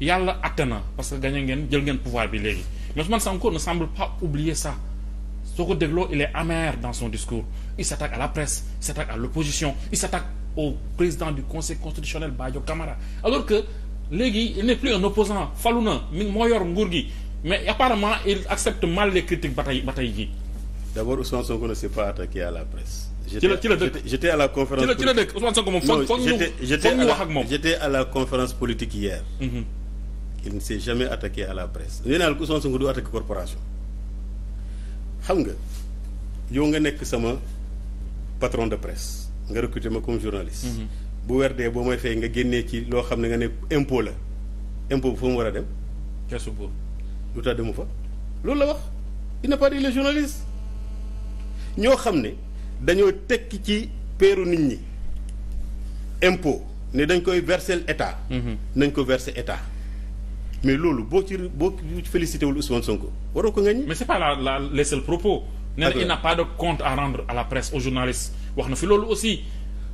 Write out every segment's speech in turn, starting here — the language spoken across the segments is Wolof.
yàlla atte na parce que gañe ngeen jël ngeen pouvoir bi léegi mais Ousmane Sonko ne semble pas oublier ça soo ko dégloo il est amer dans son discours il s'attaque à la presse il s'attaque à l'opposition il s'attaque au président du conseil constitutionnel Badio Camara alors que léegi il n'est plus un opposant falu na mi moo yor nguur gi mais apparemment il accepte mal les critiques ba tey ba tey jii d'abord Ousmane Sonko ne s'est pas attaqué à la presse ci il ne s'est jamais attaqué à la presse nee naa la Ousmane Sonko du attaqué corporation xam nga yow nga nekk sama patron de presse nga recruté ma comme journaliste. Mhm. bu weer dee boo may fay nga génnee ci loo xam ne nga ne impôt la impôt bu fa mu war a dem. keesu boobu. lu tax demu fa loolu la wax il n'a pas dit ñoo xam ne dañoo tekki ci peeru nit ñi impôt ne dañ koy verser état. Mhm. nañ ko verser état. mais loolu boo ci boo félicité wul Ousmane Sonko waroo ko ngañ. mais c'est pas la la les seuls propos. nee na il n'a pas de compte à rendre à la presse aux journalistes wax na fi loolu aussi.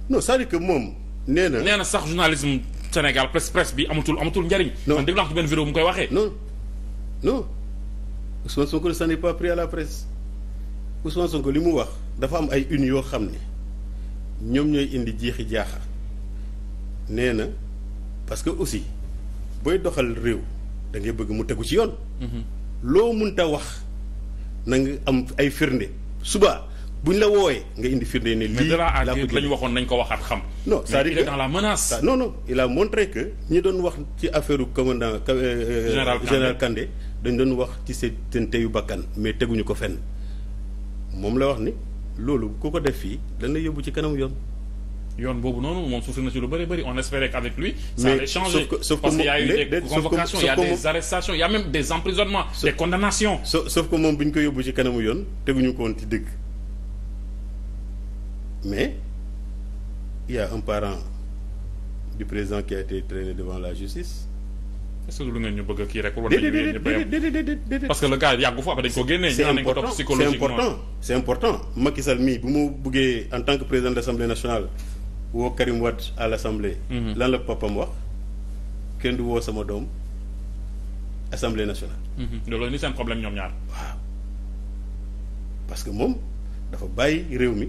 non cest à que moom nee na. nee na sax journalisme Sénégal presse bi amatul amatul njariñ. non man dégg naa benn vidéo mu koy waxee. non non Ousmane Sonko ne s'en est pas pris à la presse Ousmane Sonko li mu wax dafa am ay une yoo xam ne ñoom ñooy indi jeexi jaaxa nee na parce que aussi booy doxal réew. da ngay bëgg mu tegu ci yoon. Mhm. loo mun mënta wax na nga am ay firnde suba buñ la wooyee nga indi firnde ne. lii laa ko lañu waxoon nañ ko wax waxaat xam. non c'est-à-dire que dans la que ñi doon wax ci affaire commandant euh, général Kandé dañ doon wax ci seen teyu bakkan mais teguñu ko fenn moom la wax ni loolu ku ko def fii dañ la yóbbu ci kanamu yoon. yoon boobu noonu moom souffrir na ci lu bëri bëri on espérait qu'avec lui ça allait changer parce qu'il y a eu des convocations il y a des arrestations y a même des emprisonnements des condamnations sauf que moom bi ko yóbbu ci kanamu yoon teguñu ko woon ci dëgg mais y a un parent du président qui a été traîné devant la justice est-ce que lu ngeen ñu bëgg kii rek pour parce que le gars yàggu fa après dañ ko génnee ñu nañ ko topp psychologiquement c'est important Macky Sall mii bu mu bëggee woo Karim Wade à l'assemblée mhm. lan la papam wax kenn du woo sama doom assemblée nationale mhm. loolu ni seen problème ñoom ñaar waaw parce que moom dafa bàyyi réew mi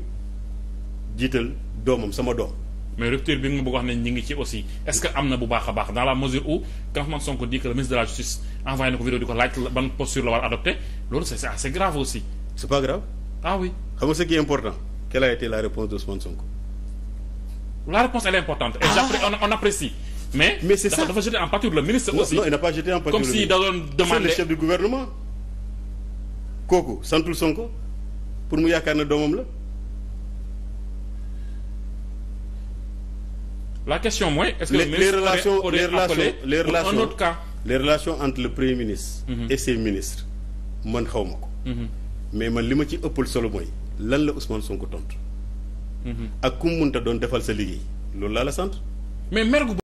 jiital doomam sama doom mais rupture bi nga bëgg wax ne ñi ngi ci aussi est ce que am na bu baax a baax dans la mesure où quand Ousmane Sonko dit que le ministre de la justice envoyé ko vidéo di ko laaj ban posture la war adopté loolu c'est assez grave aussi c'est pas grave ah oui xam nga ce la réponse de Ousmane la réponse elle est importante. et ah. on, apprécie. mais mais c'est ça dafa jeter en pâture le ministre. Non, aussi non il n'a pas jeté en pâture comme si da doon demandé le pour mu yaakaar na doomam la. la question mooy. est-ce que les, les relations les relations les relations un autre cas. les relations entre le premier ministre. Mhm. et ses ministres man xawma ko. Mhm. mais man li ma ci ëppal solo mooy lan la Ousmane Sonko tontu. ak ku mu munta doon defal sa liggéey loolu laa la sant mais mer gu